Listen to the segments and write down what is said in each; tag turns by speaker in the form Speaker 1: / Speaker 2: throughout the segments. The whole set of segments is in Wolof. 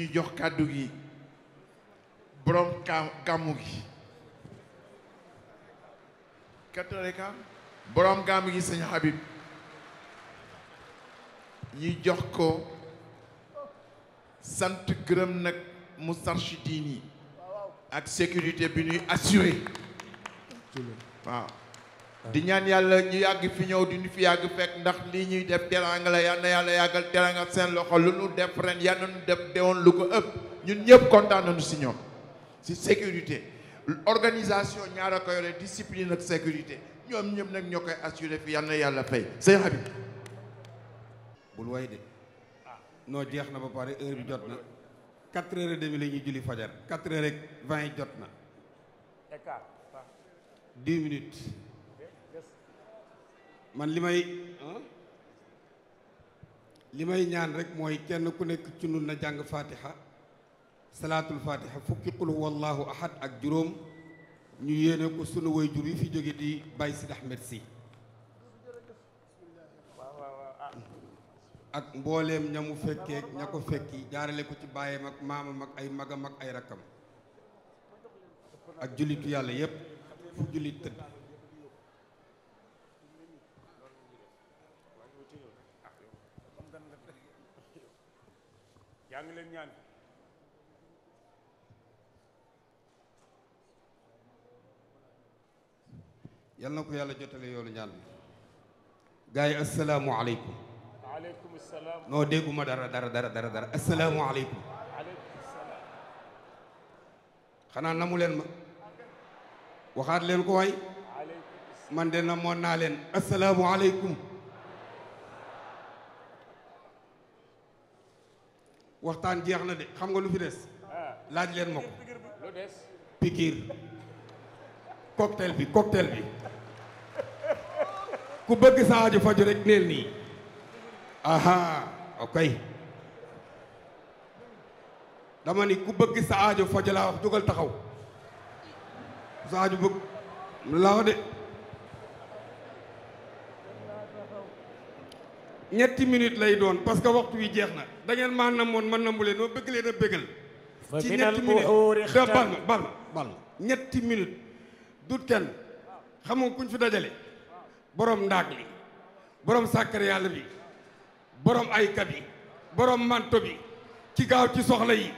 Speaker 1: ñu jox kàddu gi borom gàmmu gi katolika borom gàmmu gi sëñ ñu jox ko sant gërëm nag Moustarchidine yi ak sécurité bi ñuy assuré waaw di ñaan yàlla ñu yàgg fi ñëw di ñu fi yàgg fekk ndax lii ñuy def teranga la yàlla yàggal teranga seen loxo lu nu def ren yal na def dewoon lu ko ëpp ñun ñëpp kontaan si ñoom si sécurité organisation ñaar a ko yore discipline ak sécurité ñoom ñëpp nag ñoo koy assuré fi yal yàlla fay sëñ Habib
Speaker 2: bul way de noo jeex na ba pare heure bi jot na quatre heures et demie la ñuy julli fajar quatre heures et vingt jot na dix minutes man li may li may ñaan rekk mooy kenn ku nekk ci nun na jàng fatiha salaatul fatiha fukki qul wallahu ahad ak juróom ñu yéene ko sunu waajur yi fi jóge di Baye si Ahmed si ak mbooleem ña mu fekkee ña ko fekki jaarale ko ci baayam ak maamam ak ay magam ak ay rakkam ak jullitu yàlla yépp fu jullit tëdd leen ñaan na ko yàlla jotale yoolu ñaan bi gars yi asalaamu noo dégguma dara dara dara dara dara xanaa namu leen ma waxaat leen ko waay man de na moon naa leen asalaamu aleykum waxtaan jeex na de xam nga lu fi des
Speaker 3: ah. laaj leen ma ko
Speaker 2: pikiir cocktail bi cocktail bi ku bëgg sa aju faju rek neel nii aha dama ni ku bëgg sa aajo faju laa wax jógal taxaw sa aju bëgg laa wax de ñetti minute lay doon parce que waxtu wi jeex na da ngeen maa namoon ma namu leen ma bëgg leen a bëggal ci ñetti minute da bal bal bal ñetti minute dut kenn xam nga kuñ fi dajale boroom ndaag li boroom sàkkar bi boroom ayka bi boroom manto bi ci gaaw ci soxla yi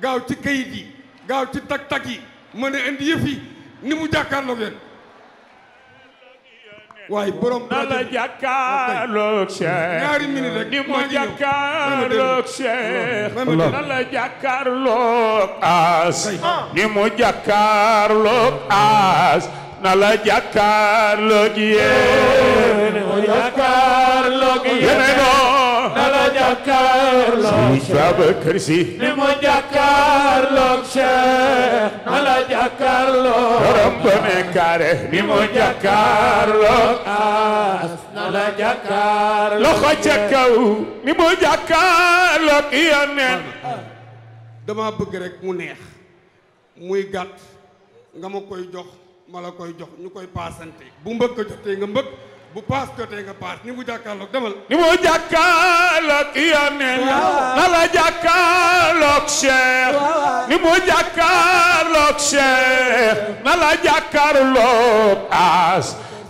Speaker 2: gaaw ci kayit yi gaaw ci tak-tak yi mën a indi yëf yi
Speaker 3: ni mu jàkkaarloo ngeen waaye borom na la jàkkaarloog Cheikh ñaari minute rek ni mu jàkkaarloog Cheikh na la jàkkaarloog As ah. ni mu jàkkaarloog As na la jàkkaarloog yéen Serigne Babacar Sy ni mu jàkkaarloog Cheikh na la jàkkaarloog
Speaker 2: dama bëgg rek mu neex muy gàtt nga ma koy jox ma la koy jox ñu koy paasante bu mbëkk jotee nga mbëkk bu paas jotee nga paas ni mu jàkkaarloog demal.
Speaker 3: ni mu jàkkaarloog yoneen. waaw la la jàkkaarloog Cheikh. waaw ni mu jàkkaarloog Cheikh. na la jàkkaarloog aas.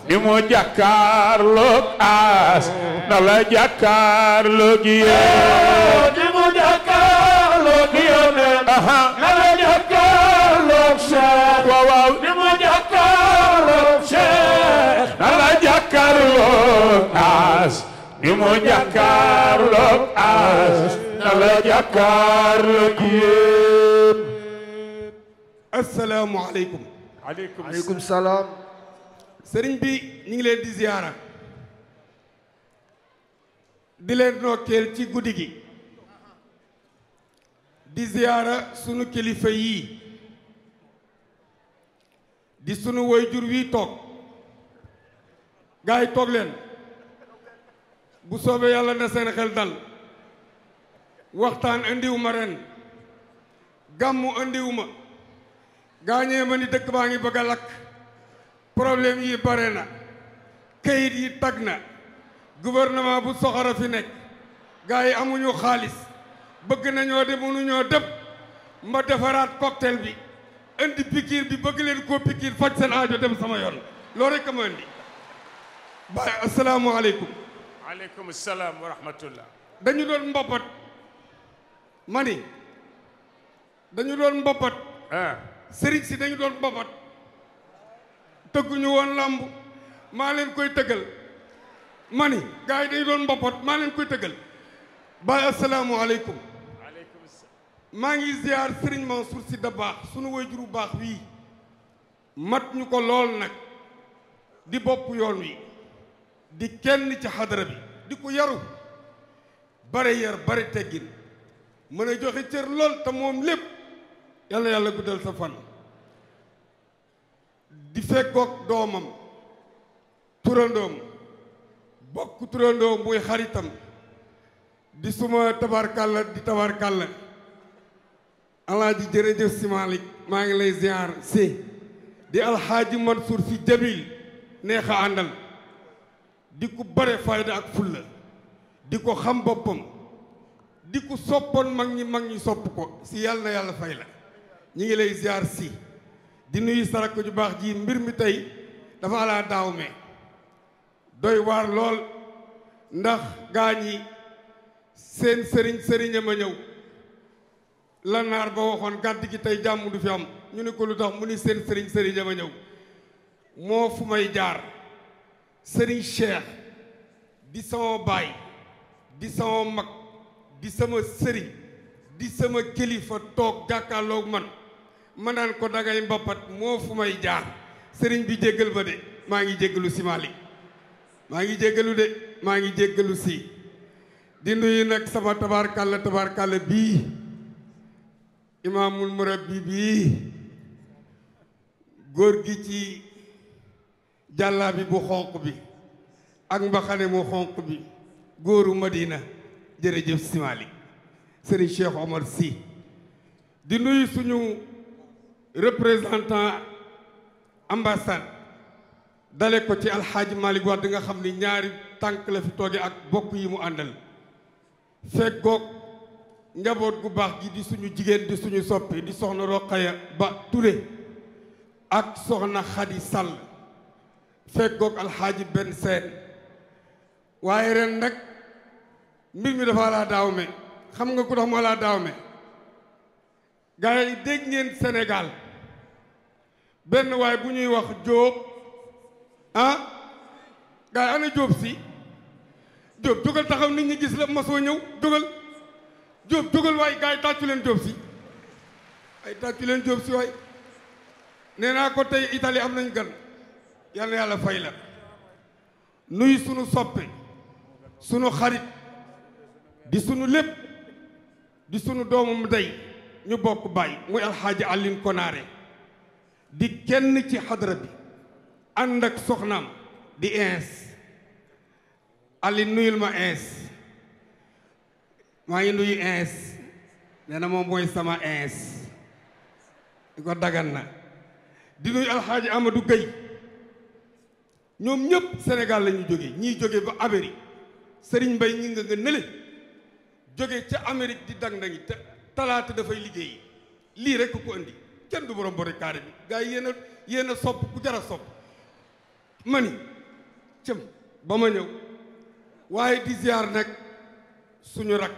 Speaker 3: ni mu jàkkaarloog aas. na la jàkkaarloog yéen. ni mu jàkkaarloog yoneen. yu mu jàkkaarloog aas na la
Speaker 2: jàkkaarloog yéen. asalaamualeykum. aleykum salaam. sëriñ bi ñu ngi leen di ziyaara. di leen nokkeel ci guddi gi. di ziyaara sunu kilifa yii. di sunu woyjur wii toog. gaay toog leen. bu soobee yàlla na seen xel dal waxtaan andiwu ma ren gàmmu andiwu ma gaañee ma ni dëkk baa ngi bëgg a lakk problème yi bare na kayit yi tag na gouvernement bu soxora fi nekk gaa yi amuñu xaalis bëgg nañoo de mënuñoo dëpp ma defaraat cocktail bi indi pikiir bi bëgg leen koo pikiir faj seen aajo dem sama yoon loo rekk ma indi ba asalaamu aleykum
Speaker 3: aleykum salaam wa rahmatullah
Speaker 2: dañu doon mboppat mani dañu doon mboppat sëriñ si dañu doon mboppat tëgguñu woon làmb maa leen koy tëggal mani ni yi dañu doon mboppat maa leen koy tëggal baay asalaamualeykum maa ngi ziar Serigne Mansour Sy Dabakh sunu waajur bu baax wii mat ñu ko lool nag di bopp yoon wi di kenn ci xadara bi di ko yaru bare yar bare teggin mën a joxe cër lool te moom lépp yàlla yàlla guddal sa fan di fekkoog doomam turandoom bokk turandoom buy xaritam di suma tabarkàlla di tabarkàlla alaaji jërëjëf si Malick maa ngi lay ziar si di alxaaji suur si jabil neexa àndal di ku bare fayda ak fulla di ko xam boppam di ku soppoon mag ñi mag ñi sopp ko ci yàlla na yàlla fay la ñi ngi lay ziar si di nuyu sarako ju baax jii mbir mi tey dafa alaa daaw me doy waar lool ndax gaañi ñi seen sëriñ sëriña ma ñëw la naar ba waxoon gàdd gi tey jàmm du fi am ñu ne ko lu tax mu ni seen sëriñ sëriña ma ñëw moo fu may jaar sëriñ Cheikh di sama baay di sama mag di sama sëriñ di sama kilifa toog jàkkaarloog man manaan ko dangay mbappat moo fu may jaar sëriñ bi jéggal ba de maa ngi jéggalu si Malick maa ngi jéggalu de maa ngi jéggalu si di nuyu nag sama tabarkàlla tabarkàlla bii imaamul murabbi bii góor gi ci jàllaabi bu xonq bi ak mbaxane mu xonq bi góoru Madina jërëjëf Si Maalik Serigne Cheikh Omar Sy di nuyu suñu représentant ambassade dale ko ci alxaaji Malick di nga xam ni ñaari tànk la fi tooge ak bokk yi mu àndal feggoog njaboot gu baax gi di suñu jigéen di suñu soppi di soxna Roqaya Ba Touré ak soxna Xadi Sall feggoog alxaaji benn seen waaye ren nag mbir mi dafa laa daaw me xam nga ku tax moo daaw me gars yi dégg ngeen Sénégal benn waay bu ñuy wax Jóob ah gars yi ana Jóob si Jóob jógal taxaw nit ñi gis la masoo ñëw jógal Jóob jógal waaye gars yi tàccu leen Jóob si ay tàccu leen Jóob si waay nee naa ko tey Italie am nañ gan yal na yàlla fay la nuy sunu soppe sunu xarit di sunu lépp di sunu doomam day ñu bokk bàyyi muy alxaaji Alioune Konaare di kenn ci xadra bi ànd ak soxnaam di ins Alioune nuyul ma ins maa nuyu ins nee na moom mooy sama ins di ko dagan na di nuyu alxaaji Amadou Gueye ñoom ñëpp Sénégal la ñu jógee ñii jógee ba Amérique Serigne Mbaye ñi nga nga jóge ca Amérique di dang-dangi te talaata dafay liggéey lii rekk ko indi kenn du borom bori kaare bi gars yi yéen a yéen a ku jara sopp ma ni cëm ba ma ñëw waaye di ziar nag suñu rak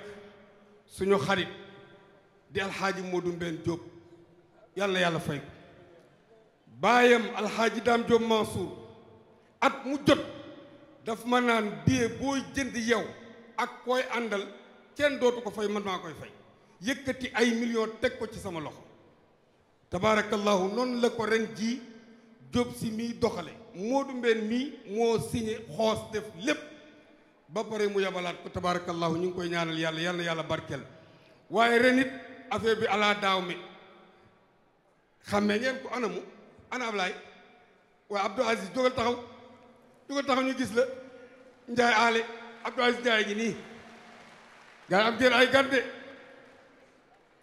Speaker 2: suñu xarit di alxaaji Modou Mbène Diop yàlla yàlla fay ko baayam alxaaji Dame Diop Mansour at mu jot daf ma naan billet booy jënd yow ak koy àndal kenn dootu ko fay man maa koy fay yëkkati ay millions teg ko ci sama loxo tabaarakallahu noonu la ko ren ji Jóob si mii doxale Moodu Mbeen mii moo signé xoos def lépp ba pare mu yabalaat ko tabaarakallahu ñu ngi koy ñaanal yàlla yàlla yàlla barkeel waaye ren it affaire bi alaa daaw mi xammee ngeen ko anamu ana Ablaay waaye Abdou Aziz jógal taxaw du ko tax ñu gis la Ndiaye Allé Abdou Aziz Ndiaye gi nii gars am ngeen ay garde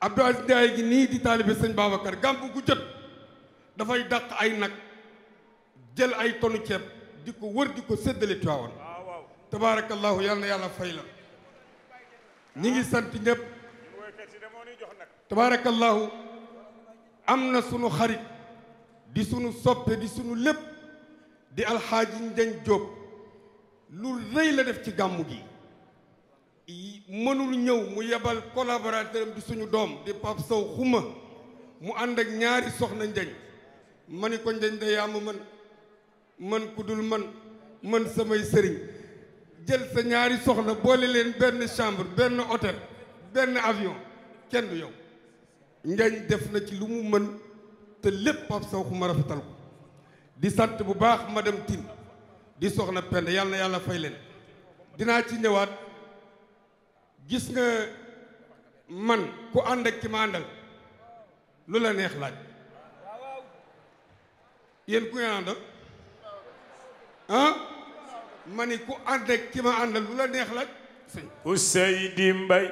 Speaker 2: Abdou Aziz Ndiaye gi nii di taalibe sëñ Babacar gàmbu gu dafay dàq ay nag jël ay tonu ceeb di ko wër di ko séddale Tiwaawan tabaarakallaahu yal yàlla fay la ñi ngi sant ñëpp tabaarakallaahu am na sunu xarit di sunu soppe di sunu lépp di alxaaji Njañ Jóob lu rëy la def ci gàmmu gi mënul ñëw mu yebal collaborateur am di suñu doom di Pape Sow xuma mu ànd ak ñaari soxna Njañ ma ni ko Njañ da yaa man man ku dul man man samay sëriñ jël sa ñaari soxna boole leen benn chambre benn hôtel benn avion kenn du yow Njañ def na ci lu mu mën te lépp Pape Sow xuma rafetal ko di sant bu baax ma dem Tine di soxna Penda yàlla na yàlla fay leen dinaa ci ñëwaat gis nga man ku ànd ak ki ma àndal lu la neex laaj yéen ku ngeen àndal ah ma ni ku ànd ak ki ma àndal lu la neex laaj
Speaker 3: Ousseydi Mbaye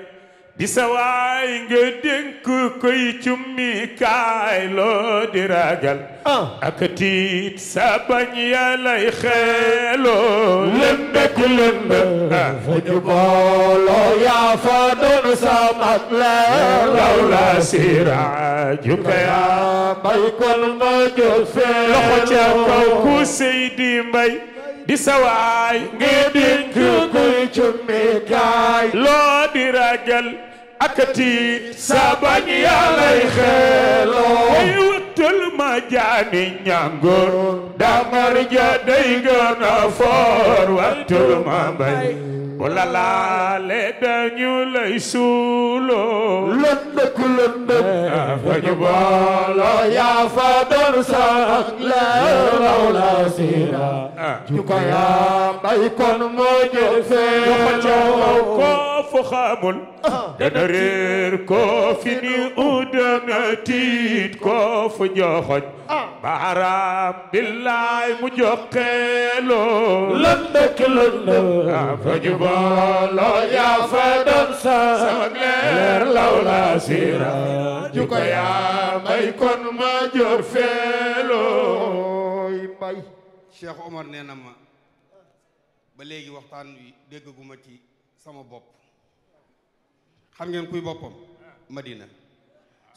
Speaker 3: di sawaay nga dénk koy cummi kaay loo di ragal ah. ak tiit sa bañ yàllay xeeloo lëmbek lëmbe ah. fu ñu booloo yaa fa doon sa mag leer law la siraaju ka yaa bay kon ma jóg fee loxo ca kaw ku seydi mbay di sawaay ngi dink kuy cummikaay loo di ragal akati sa bañ yàllay xeeloo way wëttal ma jaani ñàngoor damar day gën a ma bañ wala laale dañu lay suuloo lëndëk lëndëk fa ñu booloo yaa fa doon sax leer raw la siira ah. ju ko yaa bay kon moo jël feeloo koo fu xamul ah. dana réer koo u dana tiit koo fu baaraam billaay mu jokkeeloo lan dëkk lan la fa ju booloo yaa fa doon sa law la siira ju yaa may kon ma jor feelooy
Speaker 2: bay Cheikh Omar nee na ma ba léegi waxtaan wi déggaguma ci sama bopp xam ngeen kuy boppam Madina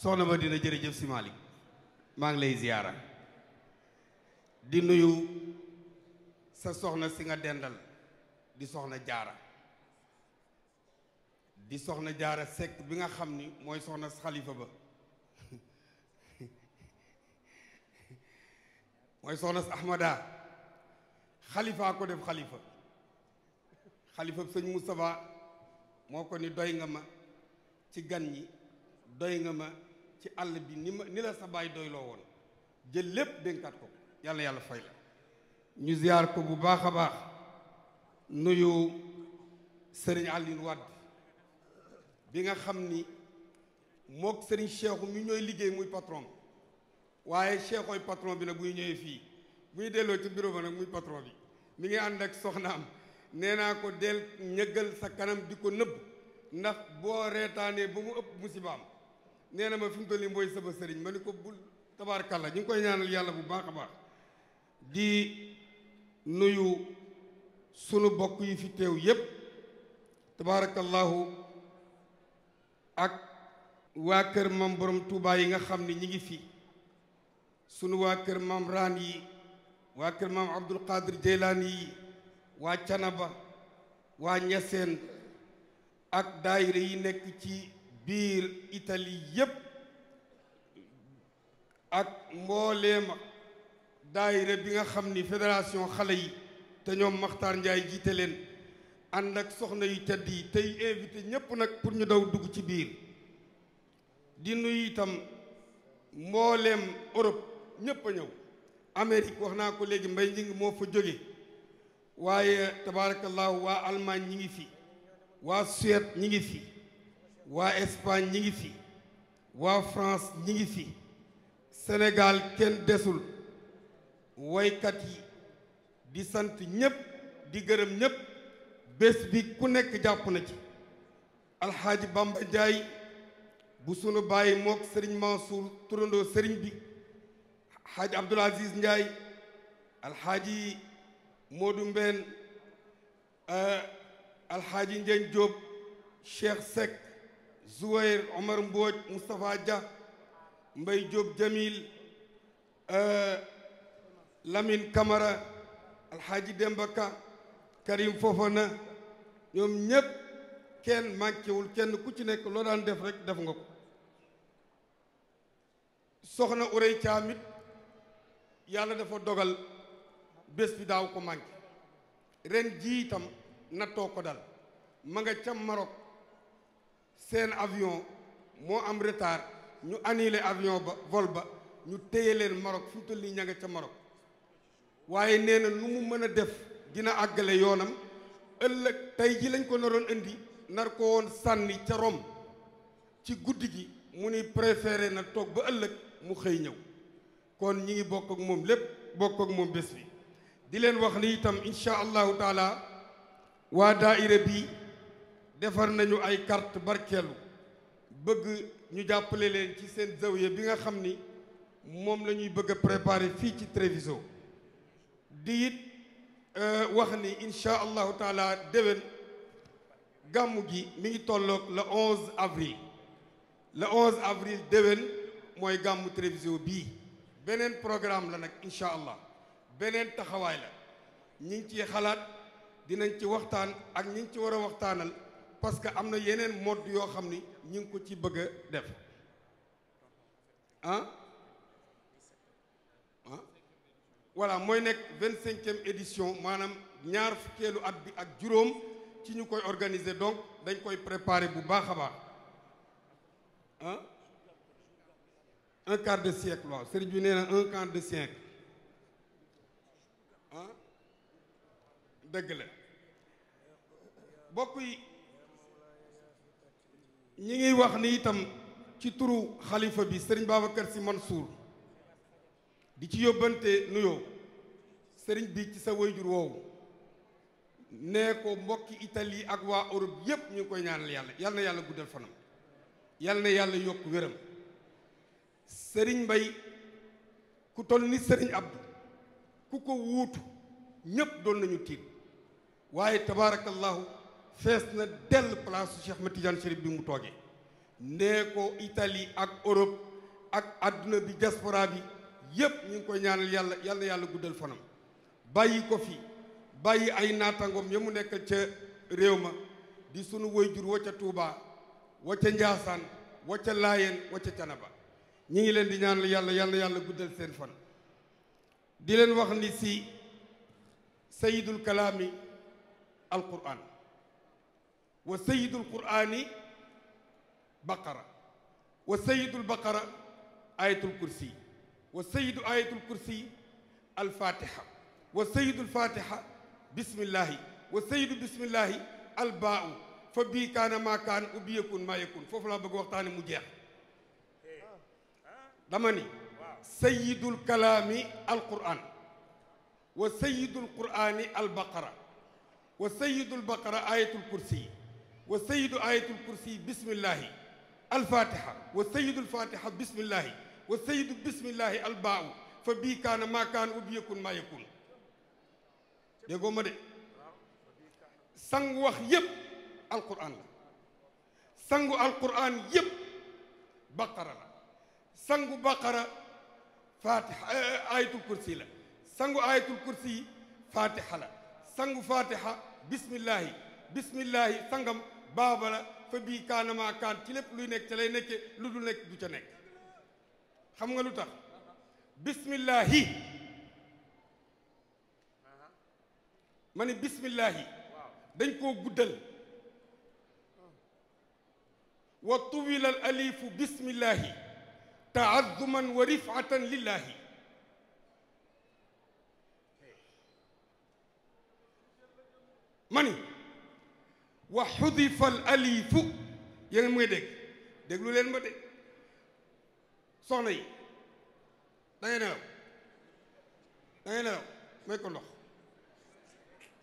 Speaker 2: soxna Madina jërëjëf si Malick maa ngi lay ziyaara di nuyu sa soxna si nga dendal di soxna jaara di soxna jaara sekk bi nga xam ni mooy soxna xalifa ba mooy soxna ahmada xalifaa ko def xalifa xalifa sëñ Moustapha moo ko ni doy nga ma ci gan yi doy nga ma ci àll bi ni ma ni la sa baay doyloo woon jël lépp dénkaat ko yàlla yàlla fay la ñu ziyaar ko bu baax a baax nuyu sëriñ Alioune bi nga xam ni mook sëriñ Cheikhou mi ñooy liggéey muy patron waaye Cheikhooy patron bi nag buy ñëwee fii buy delloo ci bureau ba nag muy patron bi mi ngi ànd ak am nee naa ko del ñëggal sa kanam di ko nëbb ndax boo reetaanee ba mu ëpp musibaam nee na ma fi mu toll mooy sama sëriñ ma ni ko bul tabaarkàlla ñu ngi koy ñaanal yàlla bu baax a baax di nuyu sunu bokk yi fi teew yépp tabaarakallahu ak waa kër mam borom Touba yi nga xam ni ñi ngi fi sunu waa kër mam raan yi waa kër mam Abdul Qadir Jeylaani yi waa Canaba waa Ñaseen ak daayira yi nekk ci biir itali yépp ak mbooleema daayira bi nga xam ni fédération xale yi te ñoom Makhtar Ndiaye jiite leen ànd ak soxna yu tedd yi tey invité ñépp nag pour ñu daw dugg ci biir di nuyu itam mbooleem Europe ñépp a ñëw Amérique wax naa ko léegi mbay ñi ngi moo fa jóge waaye tabaarakallaahu waa almaañ ñi ngi fi waa Suède ñi ngi fi waa Espagne ñi ngi fi waa France ñi ngi fi senegal kenn desul woykat di sant ñëpp di gërëm ñëpp bés bi ku nekk jàpp na ci alxaaji Bamba Njaay bu sunu bàyyi mook sëriñ Mansour turandoo sëriñ bi xaaji Abdul Aziz Njaay alxaaji Moodu Mbeen eh, alxaaji Njeen Jóob Cheikh Seck Zouwayr Omar Mbooj Moustapha Dia Mbay Jóob Jamil eh, Lamine kamara Alxaaji Demba Ka Karim Fofana ñoom ñépp kenn mànkewul kenn ku ci nekk loo daan def rek def nga ko soxna Urey Caam yàlla dafa dogal bés bi daaw ko mànke ren jii itam nattoo ko dal ma nga ca Maroc seen avion moo am retard ñu annulé avion ba vol ba ñu téye leen marok fu mu toll nii ña nga ca Maroc waaye nee na nu mu mën a def dina àggale yoonam ëllëg tey ji lañ ko naroon indi ndar ko woon sànni ca Rome ci guddi gi mu ni préféré na toog ba ëllëg mu xëy ñëw kon ñi ngi bokk ak moom lépp bokk ak moom bés bi di leen wax ni itam incha allahu taala waa daaira bi defar nañu ay carte barkeelu bëgg ñu jàppale leen ci seen zawiya bi nga xam ni moom lañuy ñuy bëgg a fii ci Treviso di it euh, wax ni incha allahu taala déwén gàmmu gi mi ngi tolloog le 11 avril le 11 avril déwén mooy gàmmu Treviso bii beneen programme la nag incha allah beneen taxawaay la ñi ngi ci xalaat dinañ ci waxtaan ak ñi ngi ci war a waxtaanal parce que am na yeneen mode yoo xam ni ñi ngi ko ci bëgg def ah? voilà mooy nekk vingt cinquième édition maanaam ñaar fukkeelu at bi ak juróom ci ñu koy organiser donc dañ koy préparer bu baax a baax ah un quart nee na un quart de siècle ah dëgg la bokk yi ñi ngi wax ni itam ci turu xalifa bi sëriñ si man suur di ci yóbbante nuyoo sëriñ bi ci sa wayjur woowu nee ko mbokki Italie ak waa Europe yépp ñu koy ñaanal yàlla yàlla yàlla guddal fanam yàlla na yàlla yokk wéram sëriñ Mbay ku toll ni sëriñ Abdou ku ko wuutu ñépp doon nañu tiit waaye tabaarakallaahu fees na dell place Cheikh Ahmed Tidiane bi mu toogee nee ko Italie ak Europe ak àdduna bi diaspora bi yépp ñu ngi koy ñaanal yàlla yàlla yàlla guddal fanam bàyyi ko fi bàyyi ay naatangoom ya mu nekk ca réew ma di sunu waajur wa ca Tuuba wa ca Njaasaan wa ca Laayeen wa ca Canaba ñi ngi leen di ñaanal yàlla yàlla yàlla guddal seen fan di leen wax ni si sayidul kalaami alquran wa sayidul qurani baqara wa sayidul baqara ayatul kursi wa sayidu ayatul kursi alfatiha wa sayidu alfatiha bismillahi wa sayidu bismillahi albaau fa bii kaana maa kaan ubbi yëkkun maa yëkkun foofu laa bëgg waxtaane mu jeex dama ni sayidul kalaami alquran wa sayidul qurani albaqara wa sayidul baqara ayatul kursi wa sayidu ayatul kursi bismillahi alfatiha wa sayidul fatiha bismillahi wa sayyidu bismillahi albaaw fa bii kaana maa kaana wa bii yakun maa yakun déggoo ma de sangu wax yépp alquran la sangu alquran yépp baqara la sangu baqara fatiha eh, ayatul kursi la sangu ayatul kursi fatiha la sangu fatiha bismillahi bismillahi sangam baaba la fa bii kaana maa kaan ci lépp luy nekk ca lay nekke lu dul nekk du ca nekk xam nga lu tax bismillahi ma ne bismillahi dañ koo guddal wa tuwila al alifu bismillahi taazuman wa rifatan lillahi ma ni wa xudifa al alifu yéen mu ngi dégg déglu leen ma de soxna yi da ngay nelaw da ngay nelaw may ko ndox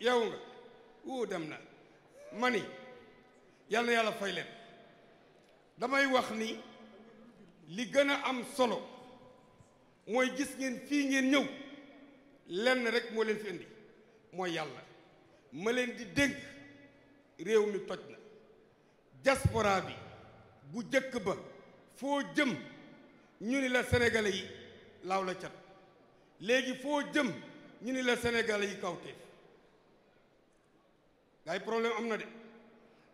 Speaker 2: yow nga wuu dem na mani yàlla na yàlla fay leen damay wax ni li gën a am solo mooy gis ngeen fii ngeen ñëw lenn rek moo leen fi indi mooy yàlla ma leen di dénk réew mi toj na diaspora bi bu jëkk ba foo jëm ñu ni la sénégalais yi law la cat léegi foo jëm ñu ni la sénégalais yi kawteef ngay problème am na de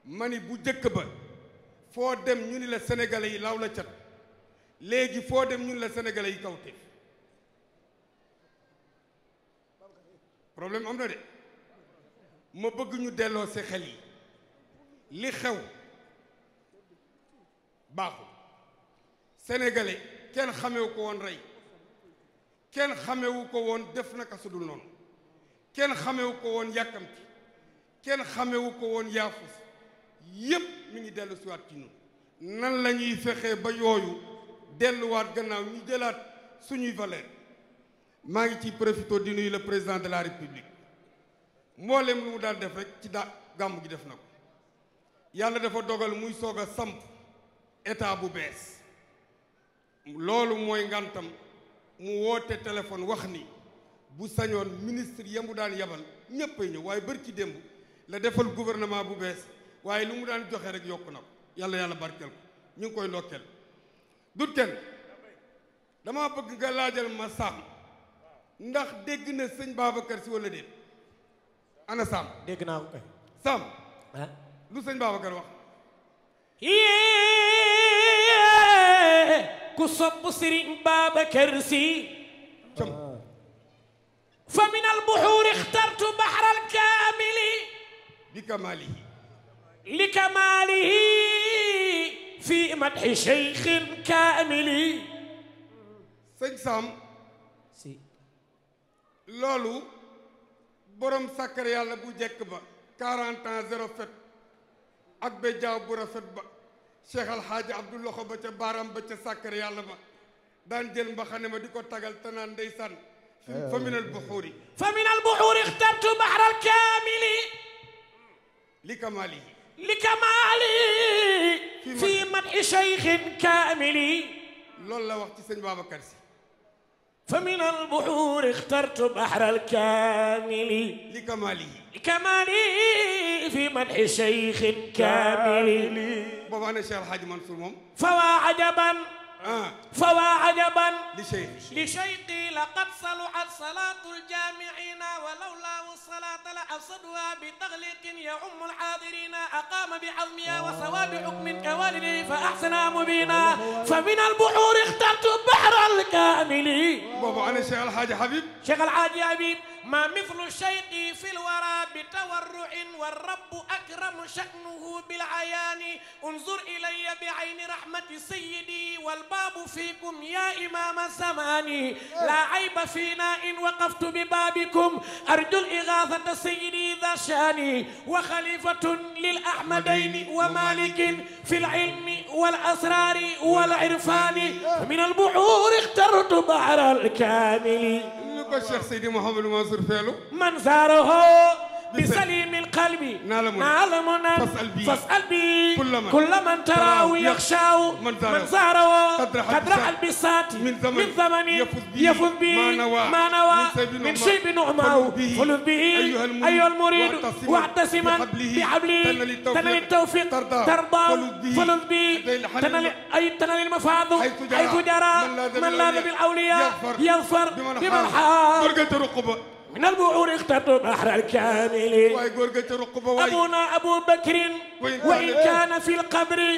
Speaker 2: ma ni bu jëkk ba foo dem ñu ni la sénégalais yi law la cat léegi foo dem ñu ni la sénégalais yi kawteef problème am na de ma bëgg delloo si xel yi li xew baaxul sénégalais kenn xamewu ko woon rey kenn xamewu ko woon def naka su dul noonu kenn xamewu ko woon yàkkamti kenn xamewu ko woon yaafus yépp mi ngi dellu siwaat ci ñun nan la ñuy ba yooyu delluwaat gannaaw ñu jëlaat suñuy valeur maa ngi ciy profité di nuyu le président de la république mboolem lu mu daan def rek ci da gàmm gi def na ko yàlla dafa dogal muy soog a samp état bu bees loolu mooy ngantam mu woote téléphone wax ni bu sañoon ministre ya mu daan yabal ñëpp ay ñëw waaye bër ci démb la defal gouvernement bu bees waaye lu mu daan joxe rek yokk na ko yàlla yàlla barkeel ko ñu ngi koy ndokkeel dut kenn dama bëgg nga laajal ma saam ndax dégg na sëñ Babacar si wala déet ana saam dégg naa ko kay saam ah. lu sëñ Babacar wax
Speaker 4: ku sopp Sëriñ Babacar Si fa min albuxuur ixtartu baxral kaamili li kamaalihi li kamaalihi fi madxi cheikhin kaamili sëñ Sam
Speaker 3: si
Speaker 2: loolu borom sàkkar yàlla bu jekk ba quarante ans zéro fet ak béjaaw bu rafet ba cheikh alxaaji abdu loxo ba ca baaram ba ca sàkkar yàlla ba daan jël mbaxane ma di ko tagal te naan ndeysaan fa
Speaker 4: min albuxuuri fa min albuxuuri ixtartu bahra alkaamili li kamaali li kamaali fi madi cheikhin kaamili loolu la wax ci sëñ Babacar Si fa min albuxuuri ixtartu bahra alkaamili li kamaali li kamaali fi madi cheikhin kaamili ba wax ne Cheikh Alhaji Mansour moom fawaa ajaban ah. fawaa ajaban li cheikhi li cheikhi laqad saluhat salatu aljamiina wa lawlaa salata la afsaduha bi taxliqin ya umm alxaadirina aqaama bi azmiha wa sawaabi xukmin kawalidi fa axsana mubina fa min albuxuur ixtartu bahra alkaamili boobu ana Cheikh Alhaji Habib Cheikh Alhaji Habib ما مثل شيقي في الورى بتورع والرب أكرم شأنه بالعيان انظر إلي بعين رحمة سيدي والباب فيكم يا إمام الزمان لا عيب فينا إن وقفت ببابكم أرجو الإغاثة سيدي ذا شاني وخليفة للأحمدين ومالك في العلم والأسرار والعرفان من البحور اخترت بحر الكامل ko Cheikh Seydi Mouhamadou Mansour feelu man saaro hoo بسليم القلب نعلم فاسأل بي كل من تراه يخشاه من زاره قدر البساط من زمن يفوز به ما نوى من شيء نعمه فلذ به أيها المريد واعتصما بحبلي تنل التوفيق ترضى فلذ به تنل المفاض حيث جرى من لاذ بالأولياء يظفر بمن حاب من البؤر اختطوا بحر الكامل أبونا أبو بكر وإن كان في القبر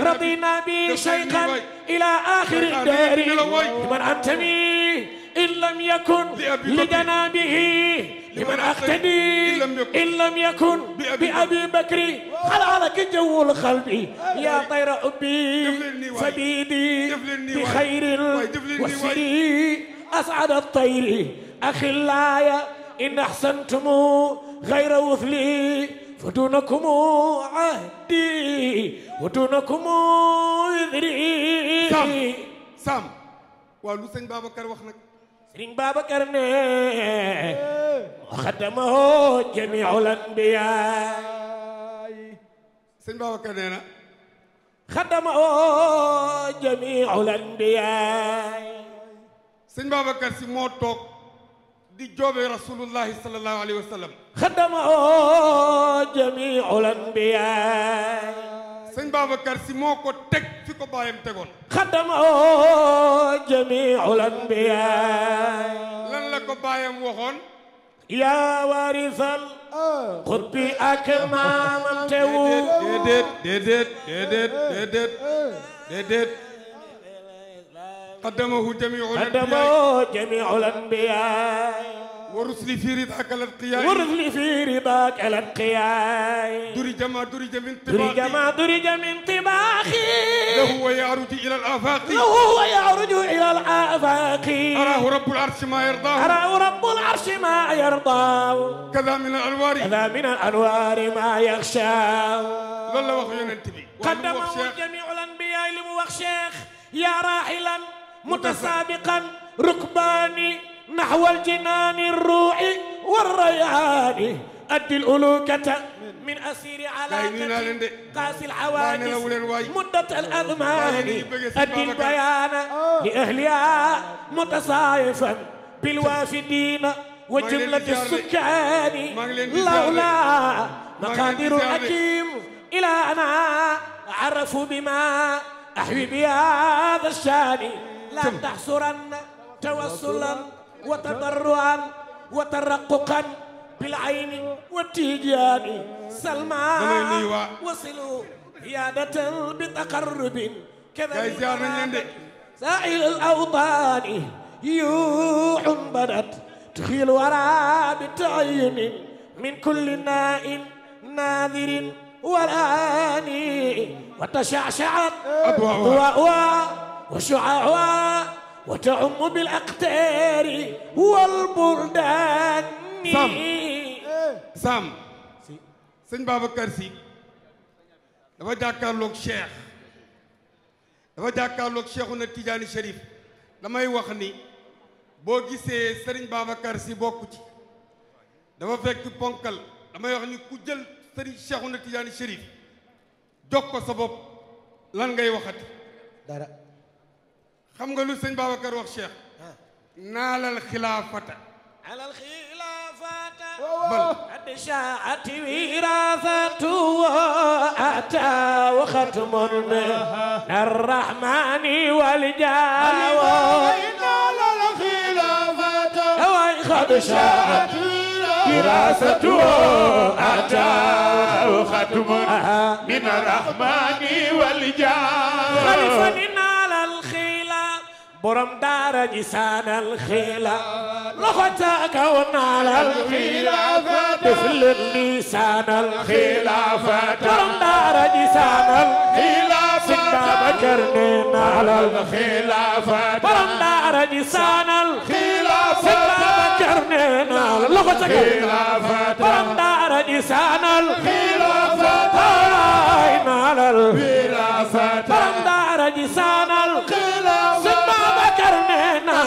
Speaker 4: رضينا به شيخا إلى آخر الدار من أنتمي إن لم يكن لجنابه لمن أقتدي إن لم يكن بأبي بكر خلالك جو الخلب يا طير أبي فبيدي بخير وسري أسعد الطير أخلايا إن أحسنتم غير وثلي فدونكم عهدي ودونكم وذري سام سام waaw lu sëñ Babacar wax nag sëriñ Babacar ne waxadamahu jamiul anbiyaay sëñ Babacar nee na xadamahu
Speaker 2: jamiul anbiyaay sëñ Babacar si moo toog di lan la ko baayam
Speaker 4: waxoon yaa warisal xutbi ak maamam tewu déedéet déedéet déedéet déedéet déedéet قدمه جميع الأنبياء قدمه جميع الأنبياء ورسلي في رضاك الأتقياء ورسلي في رضاك الأتقياء درج ما درج من طباخي درج ما درج من طباخي وهو يعرج إلى الآفاق وهو يعرج إلى الآفاق أراه رب العرش ما يرضاه أراه رب العرش ما يرضاه كذا من الأنوار كذا من الأنوار ما يغشاه لولا وخينا انتبه قدمه جميع الأنبياء لموخ شيخ يا راحلا متسابقا ركبان نحو الجنان الروح والريان أدي الألوكة من أسير علاقة قاس الحوادث مدة الأضمان أدي البيان لأهلها متصايفا بالوافدين وجملة السكان لولا مقادير الحكيم إلى أنا عرفوا بما أحوي بهذا الشاني لا تحصرن توسلا وتضرعا وترققا بالعين والتيجان سلمى وصلوا عيادة بتقرب كذا سائل الأوطان يوح بدت تخيل ورا بتعين من كل ناء ناذر والآني وتشعشعت أضواء وشعاعها وتعم بالأقطار والبلدان Sam Sam sëñ Babacar
Speaker 2: Sy dafa jàkkaarloog Cheikh dafa jàkkaarloog Cheikhuna Tidiane Chérif damay wax ni boo gisee sëriñ Babacar bokk ci dafa fekk ponkal damay wax ni ku jël sëriñ na Tidiane Chérif jox ko sa bopp lan ngay waxati xam nga lu sëñ Babacar wax Cheikh ah. naalal xilaafata
Speaker 3: alal xilaafata
Speaker 4: bal qad shaa'at wiraasatu ataa wa xatmun arrahmani wal jaawa naalal xilaafata qad
Speaker 3: shaa'at wiraasatu ataa wa xatmun min arrahmani wal jaawa
Speaker 4: borom daara ji saanal xiila loxo ca kaw naalal xilaafa def leen ni saanal xilaafa borom daara ji saanal xilaafa si Babacar ne naalal xilaafa borom daara ji saanal xilaafa si Babacar ne naalal loxo ca kaw
Speaker 3: xilaafa
Speaker 4: borom daara ji saanal xilaafa taay naalal xilaafa borom daara ji saanal xilaafa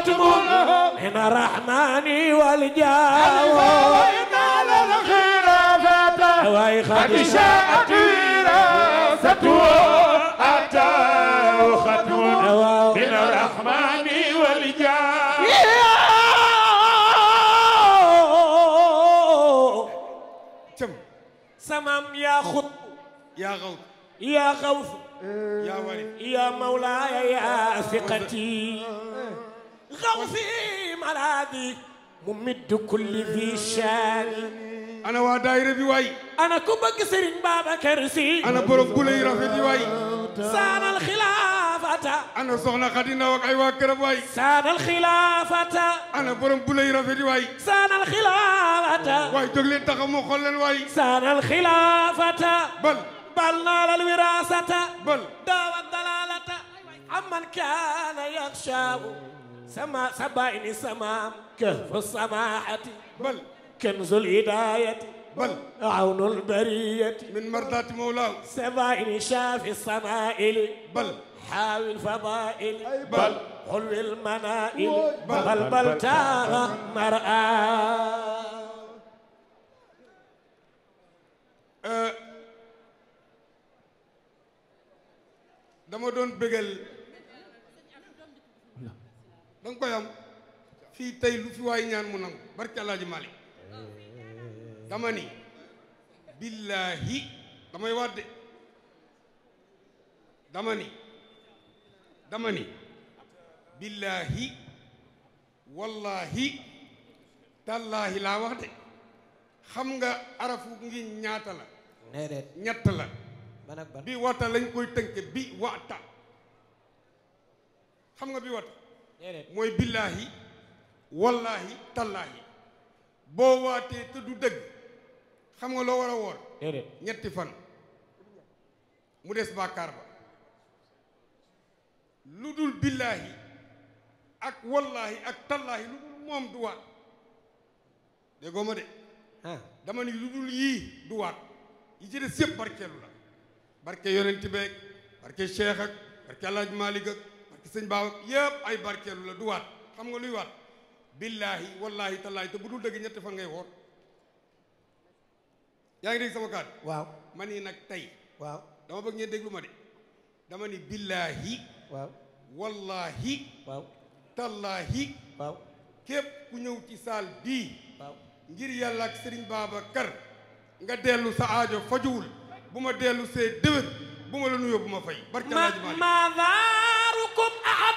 Speaker 4: خاتم من الرحمن والجاه وإن
Speaker 3: الخلافة وقد شاءت وراثته أتاه ختم من الرحمن والجاه
Speaker 4: سمام يا خط يا غوث يا غوث يا ولي يا مولاي يا ثقتي غوثي مرادي ممد كل ذي شان ana waa daayira bi waay ana ku bëgg sëriñ Babacar Si ana borom bu lay rafet yi waay saanal xilaafata ana soxna xadina wak ay waa kërab waay saanal xilaafata ana borom bu lay rafet yi waay saanal xilaafata waay jóg leen taxaw mu xool leen waay saanal xilaafata bal bal naalal wiraasata bal daawa dalalata amman kaana yaxshaabu سما سبعين سما كهف السماحة بل كنز الهداية بل عون البرية من مرضات مولاه سبعين شاف السمائل بل حاوي الفضائل بل حلو المنائل بل بل, بل تارة مرآة
Speaker 2: dama doon bëggal da koy am fii tey lu fi waay ñaan mu nangu barke Alaaji Malik dama ni billaahi damay wàdde dama ni dama ni billaahi wallaahi tallaahi laa wax de xam nga arafu ngi ñaata la ñett la bi wata lañ koy tënk bi wata xam nga bi wata mooy billaahi wallaahi tallaahi boo waatee te du dëgg xam nga loo war a woor ñetti fan mu des bàkkaar ba lu dul billaahi ak wallaahi ak tallaahi lu dul moom du waat déggoo ma de ah. dama ni lu dul yii du waat yi ci des yëpp barkeelu la barke yonent beeg barke Cheikh barke Alaaji Maalik sëñ Baaba yëpp ay barkeelu la du waat xam nga luy waat billaahi wallaahi tallaahi te bu dul dëgg ñetti fan ngay woor yaa ngi dégg sama kaat waaw ma yi nag tey waaw dama bëgg ngeen déglu ma de dama ni billaahi waaw wallaahi waaw tallaahi waaw képp ku ñëw ci saal bii waaw ngir yàlla ak sëriñ Babacar nga dellu sa aajo fajuwul bu ma dellu see déwét bu ma la nuyoo bu
Speaker 4: ma fay barke أحد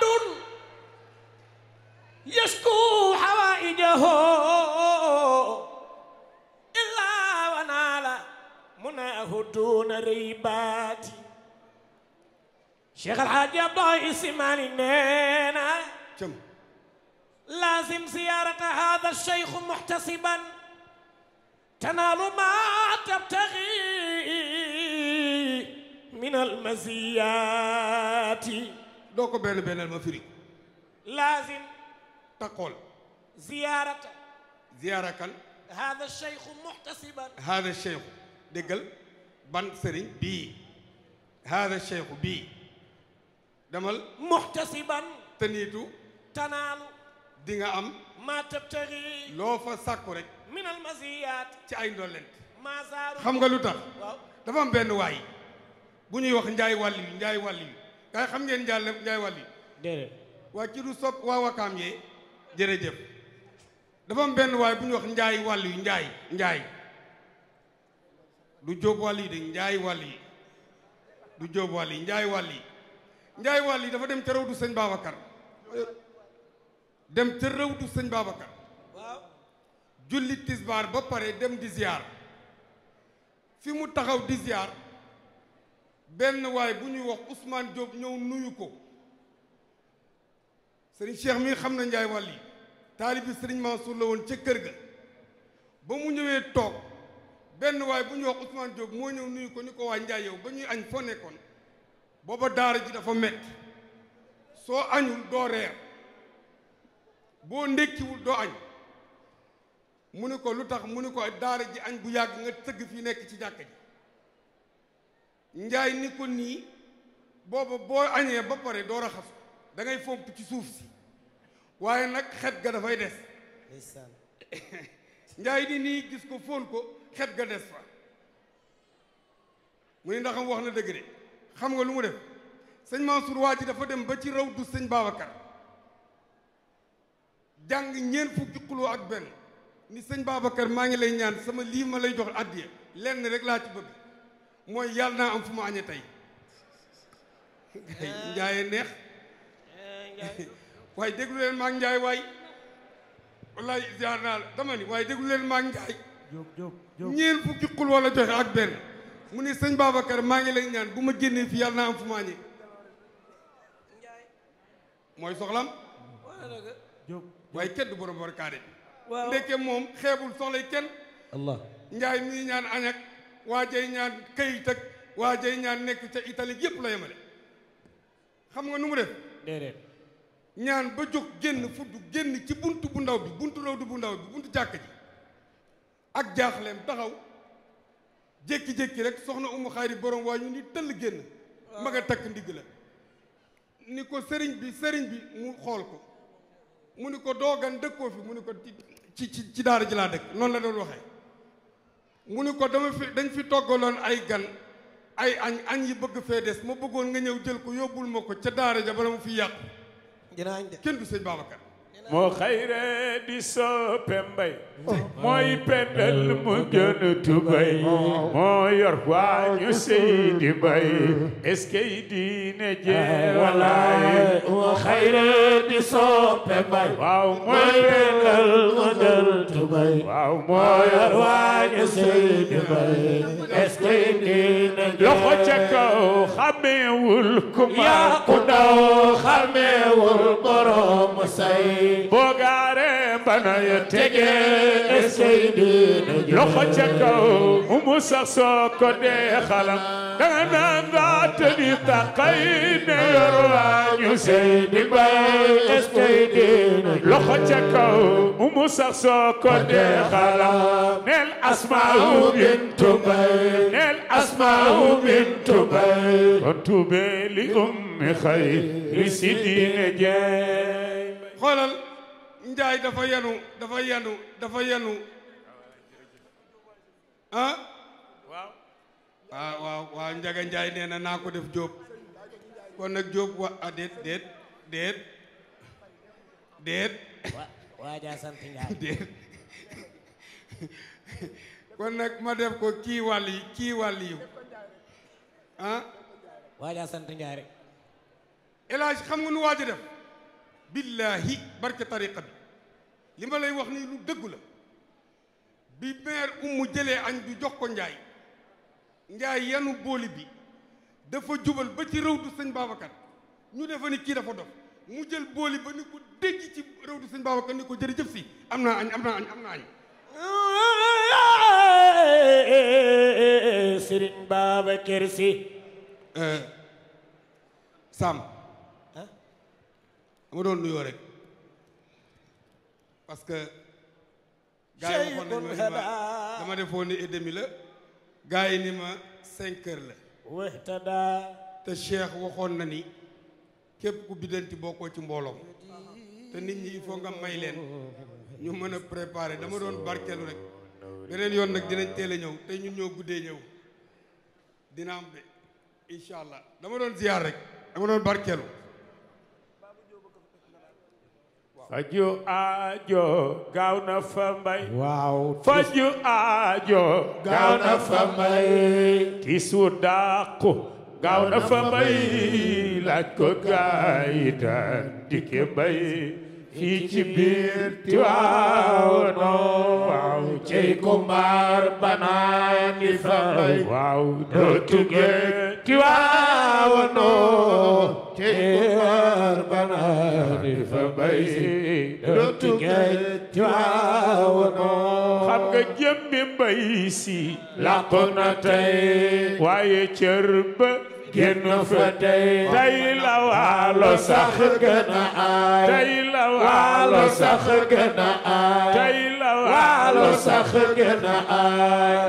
Speaker 4: يشكو حوائجه إلا ونال مناه دون ريبات شيخ الحاج عبد الله إسماعيل نينا لازم زيارة هذا الشيخ محتسبا تنال ما تبتغي من المزيات doo ko benn bennal ma firi laazim taqool ziyaarata ziyaara kan hada muhtasiban
Speaker 2: hada cheikhu déggal ban sëriñ bii hada cheikhu bii demal muhtasiban te niitu tanaalu di nga am ma tabtari loo fa sàkku rek
Speaker 4: min al maziyaat
Speaker 2: ci ay ndollent xam nga lu tax dafa am benn waay bu ñuy wax njaay wàll yu njaay wàll yu kay xam ngeen njaal njaay wàlli déedéet waa ci du sopp waa wakaam yee jërëjëf dafa am benn waay bu ñu wax njaay wàll yu njaay njaay du jóob wàll yi de njaay wàll yi du jóob wàll njaay wàll yi njaay wàll yi dafa dem ca rawdu sëñ Babacar dem ca rawdu sëñ Babacar julli tisbaar ba pare dem di fi mu taxaw di benn waay bu ñuy wax Ousmane Diop ñëw nuyu ko sëriñ Cheikh mii xam na njaay wàll yi taalib bi sëriñ Mansour la woon ca kër ga ba mu ñëwee toog benn waay bu ñuy wax Ousmane Diop moo ñëw nuyu ko ni ko waa Ndiaye yow ba ñuy añ foo nekkoon booba daara ji dafa metti soo añul doo reer boo ndékkiwul doo añ mu ni ko lu tax mu ni ko daara ji añ bu yàgg nga tëgg fii nekk ci jàkka ji njaay ni ko nii booba boo añee ba pare doo raxas dangay ngay fomp ci suuf si waaye nag xet ga dafay des njaay ni nii gis ko fóon ko xet ga des fa mu ni ndax am wax na dëgg de xam nga lu mu def sëñ Mansour waa ji dafa dem ba ci raw du sëñ Babacar jàng ñeent fukki xuloo ak benn ni sëñ Babacar maa ngi lay ñaan sama lii ma lay jox addiya lenn rek laa ci bëgg mooy yàlla naa am fu ma añee tey eh. njaayee eh, neex waaye déglu leen njaay waay wallaay ziar naa la dama ni waaye déglu leen maag njaay ñeen fukki xul wala joxe ak benn mu ne sëñ Babacar maa ngi lay ñaan bu ma génnee fi yàlla naa am fu ma añee mooy soxlam waaye kenn du barkaade ndekke moom xeebul soxlay kenn allah njaay mi ñaan añak waa jay ñaan kayit ak waa jay ñaan nekk ca Italie yëpp la yemale xam nga nu mu def déedéet ñaan ba jóg génn fudd génn ci buntu bu ndaw bi buntu rawdu bu ndaw bi buntu jàkk ji ak jaaxleem taxaw jékki-jékki rek soxna umu xaari borom waa ñu ni tëll génn ma takk ndigg la ni ko sëriñ bi sëriñ bi mu xool ko mu ni ko doogan dëkkoo fi mu ni ko ci ci ci daara ji laa dëkk noonu la doon waxee mu ni ko dama fi dañ fi toggaloon ay gan ay añ añ yi bëgg fee des ma bëggoon nga ñëw jël ko yóbbul ma ko ca daara ja bala mu fi yàqu. dinaa añ de kenn du sëñ Babacar.
Speaker 3: moo xayre di soppe mbay mooy pendel mu gënu tubay moo yor waa ñu di bay est-ce di soppe mbay waaw mooy pendel mu gënu di bay est-ce que yi diine loxo ca kaw xamewul ku ma yaa ku daw xamewul borom say bogaare bana ya tege eskay diina loxo ca kaw mu mu sax soo ko dee xalam danga naan daata di taqay ne yor waa ñu sey di bay eskay diina mu mu soo ko dee xalam neel asmaahu bintu bay neel asmaahu bintu bay kon tuubee li ummi xay li si diine
Speaker 2: njaay dafa yenu dafa yenu dafa yenu ah waaw waaw waaw njaay nee na naa ko def jóob kon nag jóob wa a ah, déet déet déet déet waajaa sant njaay déet kon nag ma def ko kii wàll yi kii wàll yi ah waajaa sant njaay rek El Hadj xam nga nu waaja def billaahi barke tariqa bi li ma lay wax nii lu dëgg la bi meer umu jëlee añ bi jox ko njaay njaay yanu booli bi dafa jubal ba ci rëwdu sëñ Babacar ñu defa ni kii dafa dof mu jël booli ba ni ko dégg ci rëwdu sëñ Babacar ni ko jërëjëf si am na añ am naa añ am na añ
Speaker 4: sëriñ Babacar si eh, dama doon nuyoo rek parce que gars yi waxoon
Speaker 2: nañ ni et demi la yi ni ma la wextada te Cheikh waxoon na ni képp ku biddanti bokkoo ci mbooloom te nit ñi foo nga may leen ñu mën a préparer dama doon barkeelu rek beneen yoon nag dinañ teel a ñëw te ñun ñoo guddee ñëw dina am de incha allah dama doon
Speaker 3: ziyaar rek dama doon barkeelu faju aajo gaaw na fa mbay waaw faju aajo gaaw na fa mbay tiisu dàqu gaaw na fa mbay laaj ko gaayita dikke mbay fii ci biir ti waaw noo cey ko mbaar banaani fa fa mbay dootu géej Tiwaawoon xam nga jëmmi mbay si làqu na tey waaye cër ba génn fa tey tey la waalo sax gën tey la waalo sax gën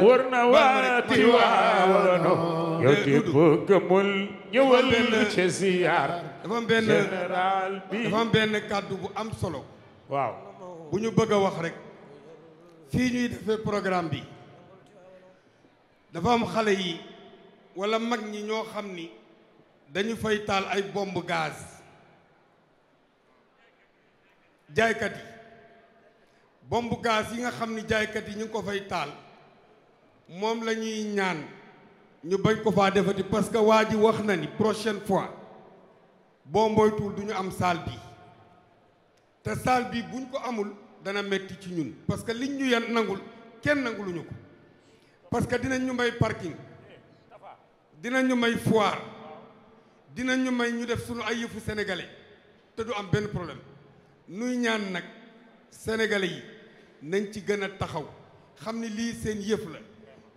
Speaker 3: wër na waa Tiwaawoon yow di bëgg mul ñëwal ci ziar
Speaker 2: kàddu bu am solo waaw bu ñu bëgg a wax rek fii ñuy defee programme bi dafa am xale yi walla mag ñi ñoo xam ni dañu fay taal ay bomb gaas jaaykat yi bomb yi nga xam ni jaaykat yi ñu ngi ko fay taal moom la ñuy ñaan ñu bañ ko faa defati parce que waa ji wax na ni prochaine fois boo moytuwul du am salle bi te salle bi buñ ko amul dana metti ci ñun parce que liñ ñu yan nangul kenn nanguluñu ko parce que dinañ ñu may parking dinañ may foire dinañ may ñu def suñu ay yëfu sénégalais te du am benn problème nuy ñaan nag sénégalais yi nañ ci gën a taxaw xam ni lii seen yëf la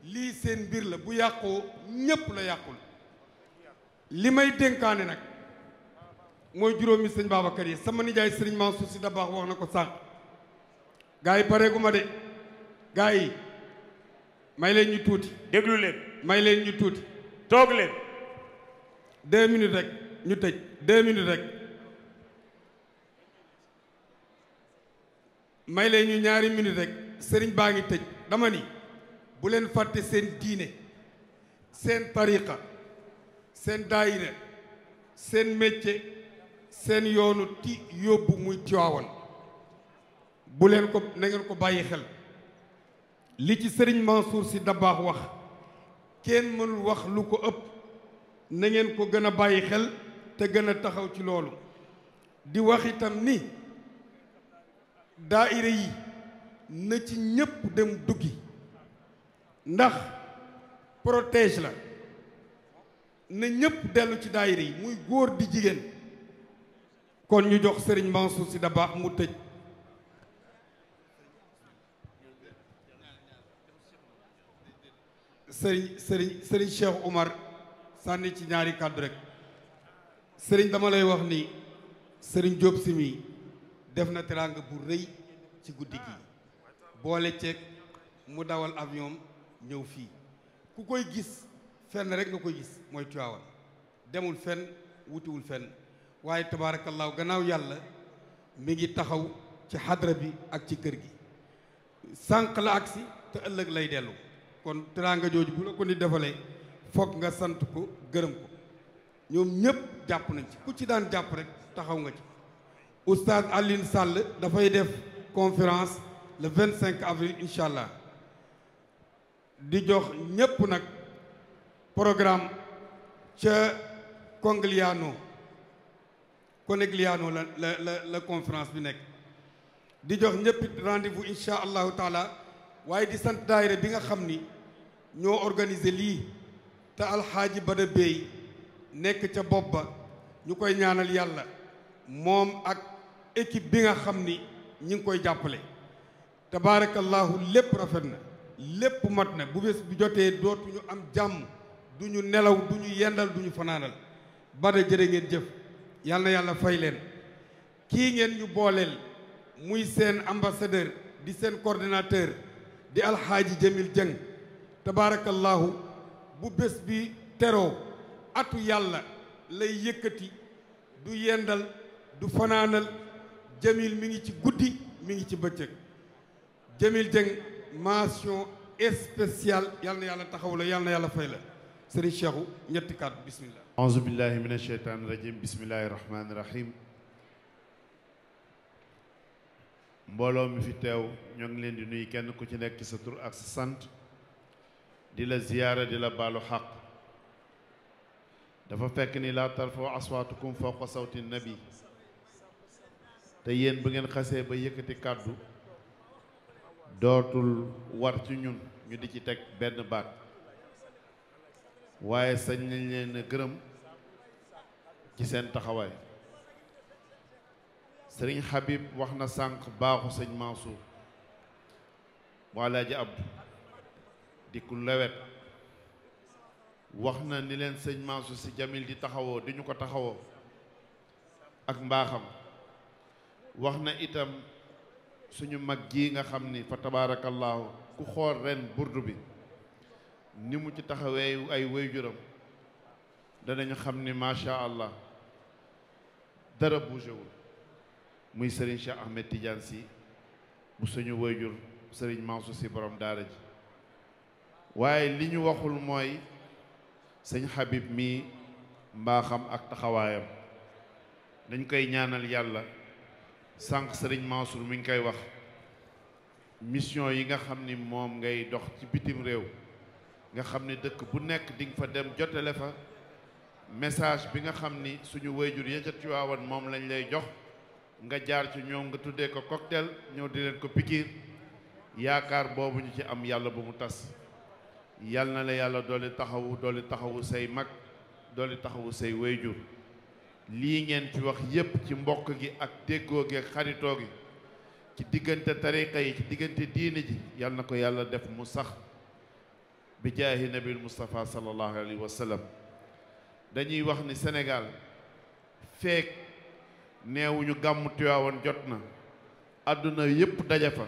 Speaker 2: lii seen mbir la bu yàqoo ñépp la yàqul li may dénkaane nag mooy juróomi sëñ Babacar yi sama nijaay sëriñ Mansour si Dabakh wax na ko sànq gars yi pareegu ma de gars yi may leen ñu tuuti. déglu leen. may leen ñu tuuti. toog leen. deux minutes rek ñu tëj deux minutes rek may leen ñu ñaari minutes rek sëriñ baa ngi tëj dama ni bu leen fàtte seen diine seen tariqa seen daayira seen métier. seen yoonu ti yóbbu muy Tiwaawan bu leen ko na ko bàyyi xel li ci sëriñ Mansour si Dabaax wax kenn mënul wax lu ko ëpp na ngeen ko gën a bàyyi xel te gën a taxaw ci loolu di wax itam ni daayira yi na ci ñépp dem duggi ndax protège la na ñépp dellu ci daayira yi muy góor di jigéen kon ñu jox Serigne Mansour Sy Dabakh mu tëj sëriñ Serigne Serigne Cheikh sànni ci ñaari kàddu rek Serigne dama lay wax ni sëriñ Diop Sy def na teraanga bu rëy ci guddi gi boole ceeg mu dawal avion ñëw fii ku koy gis fenn rek nga koy gis mooy Tiwaawan demul fenn wutiwul fenn waaye tabaarakallaahu gannaaw yàlla mi ngi taxaw ci xadra bi ak ci kër gi sànq la agsi te ëllëg lay dellu kon teraanga jooju bu la ko ni defalee foog nga sant ko gërëm ko ñoom ñëpp jàpp nañ ci ku ci daan jàpp rek taxaw nga ci oustaz Alioune Sall dafay def conférence le vingt cinq avril incha allah di jox ñëpp nag programme ca Congliano Conegliano la la la la conférence bi nekk di jox ñëpp rendez-vous incha allahu taala waaye di sant daayira bi nga xam ni ñoo organise lii te alxaaji Bada Bey nekk ca bopp ba ñu koy ñaanal yàlla moom ak équipe bi nga xam ni ñi ngi koy jàppale tabaarakallahu lépp rafet na lépp mat na bu bés bu jotee dootuñu am jàmm duñu nelaw duñu yendal duñu fanaanal Bada jërë ngeen jëf yal na yàlla fay leen kii ngeen ñu booleel muy seen ambassadeur di seen coordinateur di alxaaji Jamil Jëng tabaarakallaahu bu bés bi teroo atu yàlla lay yëkkati du yendal du fanaanal Jamil mi ngi ci guddi mi ngi ci bëccëg Jamil Jëng mention spéciale
Speaker 5: yal yàlla taxaw la yal yàlla fay la sëriñ Cheikhou ñetti kàddu bismillah أعوذ بالله من الشيطان الرجيم بسم الله mbooloo mi fi teew ñoo ngi leen di nuyu kenn ku ci nekk sa tur ak sa sant di la ziyaara di la baalu xaq dafa fekk ni laa tarfoo aswaatukum fawqa sawti nabi te yéen bu ngeen xasee ba yëkkati kàddu dootul war ci ñun ñu di ci teg benn baat waaye sañ nañ leen a gërëm ci seen taxawaay sëriñ Habib wax na sànq baaxu sëñ Mansour bu Alaaji Abdu di ku lewet wax na ni leen sëñ Mansour ci Jamil di taxawoo di ñu ko taxawoo ak mbaaxam wax na itam suñu mag ji nga xam ni fa tabaarakallaahu ku xool ren burdu bi ni mu ci taxawee ay waajuram danañu xam ni macha allah dara bougéwul muy sëriñ Cheikh Ahmed Tidiane si bu suñu waajur sëriñ Mansour si borom daara ji waaye li ñu waxul mooy sëñ Habib mii mbaaxam ak taxawaayam dañ koy ñaanal yàlla sànq sëriñ Mansour mi ngi koy wax mission yi nga xam ni moom ngay dox ci bitim réew nga xam ni dëkk bu nekk dinga fa dem jotale fa message bi nga xam ni suñu wayjur ya ca Tiwaawan moom lañ lay jox nga jaar ci ñoom nga tuddee ko cocktail ñëw di leen ko pikiir yaakaar boobu ñu ci am yàlla bu mu tas yàlla na la yàlla dooli taxawu dooli taxawu say mag dooli taxawu say wéy jur lii ngeen ci wax yépp ci mbokk gi ak déggoo gi ak xaritoo gi ci diggante tariqa yi ci diggante diine ji yàlla na ko yàlla def mu sax bi jaahi nabil Moustapha sallallahu alayhi wa sallam dañuy wax ni senegaal feek neewuñu gàmmu Tiwaawan jot na àdduna yépp daje fa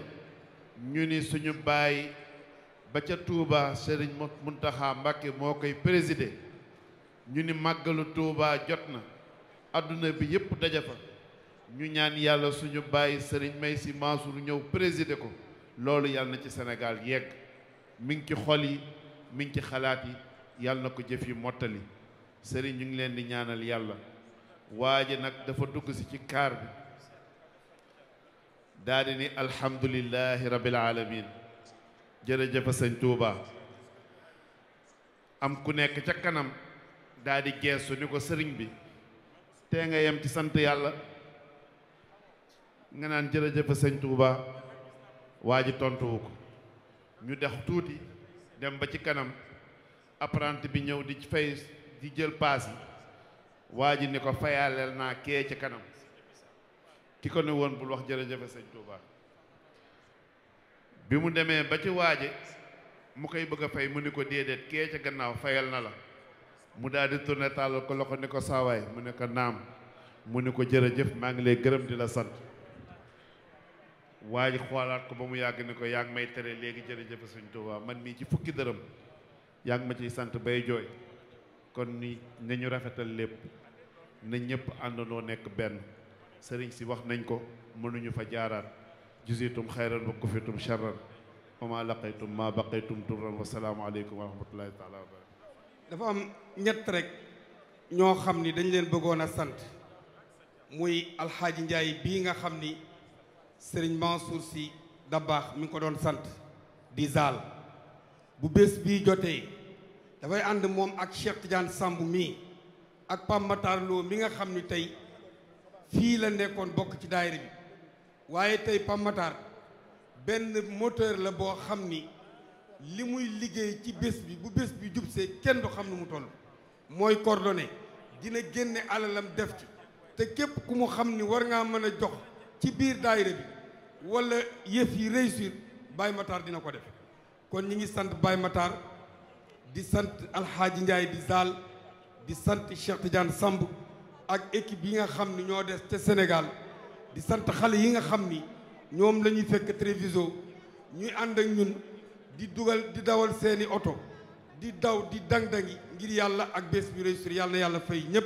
Speaker 5: ñu ni suñu baay ba ca Touba Serigne Mountakha Mbacké moo koy présider ñu ni màggalu Touba jot na àdduna bi yépp daje fa ñu ñaan yàlla suñu baay Serigne Maysi Mansour ñëw présider ko loolu yàlla na ci senegaal yegg mi ngi xol yi mi ci xalaat yi yàlla na ko jëf yi mottali sëriñ ñu ngi leen di ñaanal yàlla waa ji nag dafa dugg si ci kaar bi ni di ni alhamdulilahi rabil alamin jërëjëfa sëñ Tuuba am ku nekk ca kanam daa di geesu ni ko sëriñ bi tee nga yem ci sant yàlla nga naan jërëjëfa sëñ Tuuba waa ji tontuwu ko ñu dex tuuti dem ba ci kanam apprenti bi ñëw di fay di jël paas yi waa ji ni ko fayaaleel naa kee ci kanam ki ko ne woon bul wax jërëjëfe sëñ Tuuba bi mu demee ba ci waaje mu koy bëgg a fay mu ni ko déedéet kee ca gannaaw fayal na la mu daal di tourné tàllal ko loxo ni ko saawaay mu ne ko naam mu ni ko jërëjëf maa ngi lay gërëm di la sant waa ji xoolaat ko ba mu yàgg ni ko yaa ngi may tere léegi jërëjëf suñ Tuubaa man mii ci fukki dërëm yaa ngi ma ciy sant bay jooy kon ni nañu rafetal lépp na ñëpp àndandoo nekk benn sëriñ si wax nañ ko mënuñu fa jaaraat jusitum xayran wa kufitum charran wa ma laqaytum ma baqaytum turan wa salaamu aleykum wa rahmatullahi taala wa barakatu dafa am ñett rek ñoo xam ni
Speaker 2: dañ leen bëggoon a sant muy alxaaji Njaay bii nga xam ni sëriñ Mansour si Dabaax mi ngi ko doon sant di zaal bu bés bii jotee dafay ànd moom ak Cheikh Tidiane Samb mii ak Pam mi nga xam ni tey fii la nekkoon bokk ci daayira bi waaye tey Pam benn moteur la boo xam ni li muy liggéey ci bés bi bu bés bi jubsee kenn du xam nu mu toll mooy coordonné dina génne alalam def ci te képp ku mu xam ni war ngaa mën a jox ci biir daayira bi wala yëf yi réussir Baye Matar dina ko def kon ñi ngi sant Baye Matar di sant Alxaaji Njaay di Zaal di sant Cheikh Tidiane Samb ak équipe yi nga xam ni ñoo des ca Sénégal di sant xale yi nga xam ni ñoom la ñuy fekk Treviso ñuy ànd ak ñun di dugal di dawal seeni oto di daw di dang-dangi ngir yàlla ak bés bi réussir yàlla yàlla fay ñëpp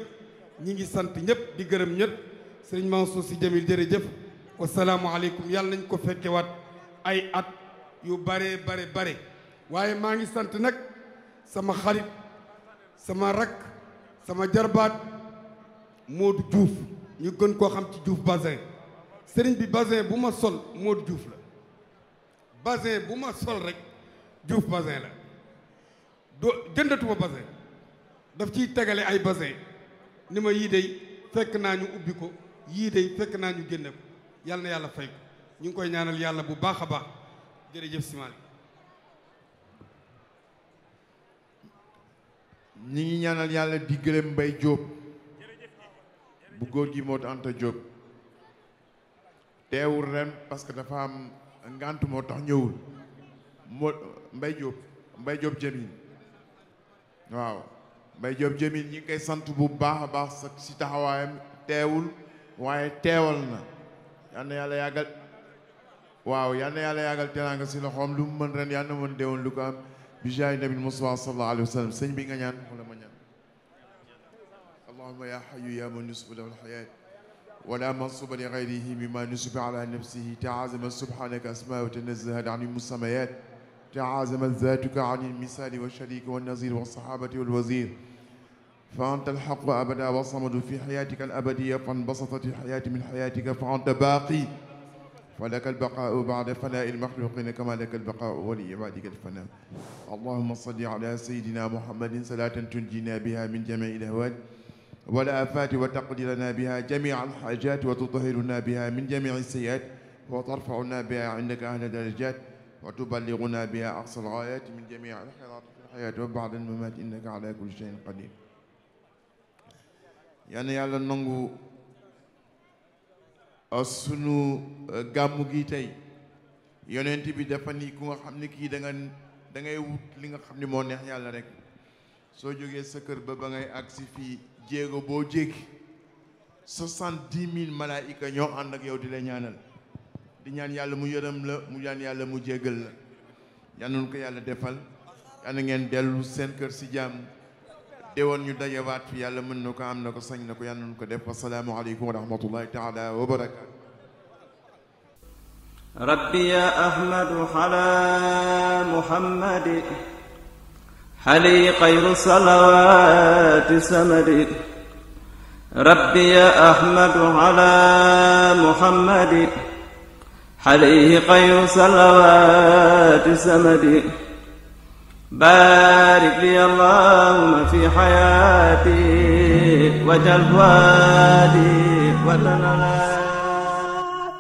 Speaker 2: ñi ngi sant ñëpp di gërëm ñëpp sëriñ Mansour Sy Jamil jëf wasalaamualeykum yàlla nañ ko wat ay at yu bare bare bare waaye maa ngi sant nag sama xarit sama rakk sama jarbaat Modou Diouf ñu gën koo xam ci Diouf Bazin sëriñ bi basin bu ma sol Modou Diouf la Bazin bu ma sol rekk Diouf Bazin la doo jëndatuma Bazin daf ciy tegale ay basin ni ma yii dey fekk naa ñu ubbi ko yii dey fekk naa ñu génne ko yal na yàlla fay ko ñu ngi koy ñaanal yàlla bu baax a baax jërëjëf si Malick ñi ngi ñaanal yàlla di gërëm Mbay Jóob
Speaker 1: bu góor gi moo Anta Jóob teewul ren parce que dafa am ngant moo tax ñëwul moo Mbay Jóob Mbay Jóob Jamin waaw Mbay Jóob Jamin ñi koy sant bu baax a baax sa si taxawaayam teewul waaye teewal na yal na yàlla yàggal waaw yal na yàlla yàggal teraanga si loxoom lu mu mën ren yal na mën déwoon lu ko am bi jaay nabil Mustafa sallallahu alayhi wa sallam sëñ bi nga ñaan wala ma ñaan allahumma ya hayyu ya man yusubu lahu alxayaat wala mansuba li gayrihi mima nusubi ala nafsihi taazama subhanaka asmaa wa tanazzahat an musamayat taazama zaatuka an almisaali wa sharika wa nazir wa sahabati wa alwazir فأنت الحق أبدا والصمد في حياتك الأبدية فانبسطت الحياة من حياتك فأنت باقي ولك البقاء بعد فناء المخلوقين كما لك البقاء ولعبادك الفناء اللهم صل على سيدنا محمد صلاة تنجينا بها من جميع الهوات والآفات وتقدرنا بها جميع الحاجات وتطهرنا بها من جميع السيئات وترفعنا بها عندك أهل الدرجات وتبلغنا بها أقصى الغايات من جميع الخيرات في الحياة وبعد الممات إنك على كل شيء قدير yal yàlla nangu sunu euh, gàmmu gi tey yonent bi dafa ni ku nga xam ne kii da wut li nga xam ni moo neex yàlla rek soo jógee sa kër ba ba ngay agsi fii jéego boo jéegi soixante-dix mille malaayika ñoo ànd ak yow di la ñaanal di ñaan yàlla mu yërëm la mu ñaan yàlla mu jéggal la yal ko yàlla defal yal ngeen dellu seen kër si jàmm déwoon ñu dajewaat fi yàlla mën na ko am na ko sañ na ko yàlla nañu ko def wasalaamualeykum wa rahmatullahi taala wa barakaatu
Speaker 3: rabbi ya ahmadu ala muhammadi xali xayru salawaati samadi rabbi ya ahmadu ala muhammadi xali xayru salawaati samadi بارك لي اللهم في حياتي وجل وادي ولنا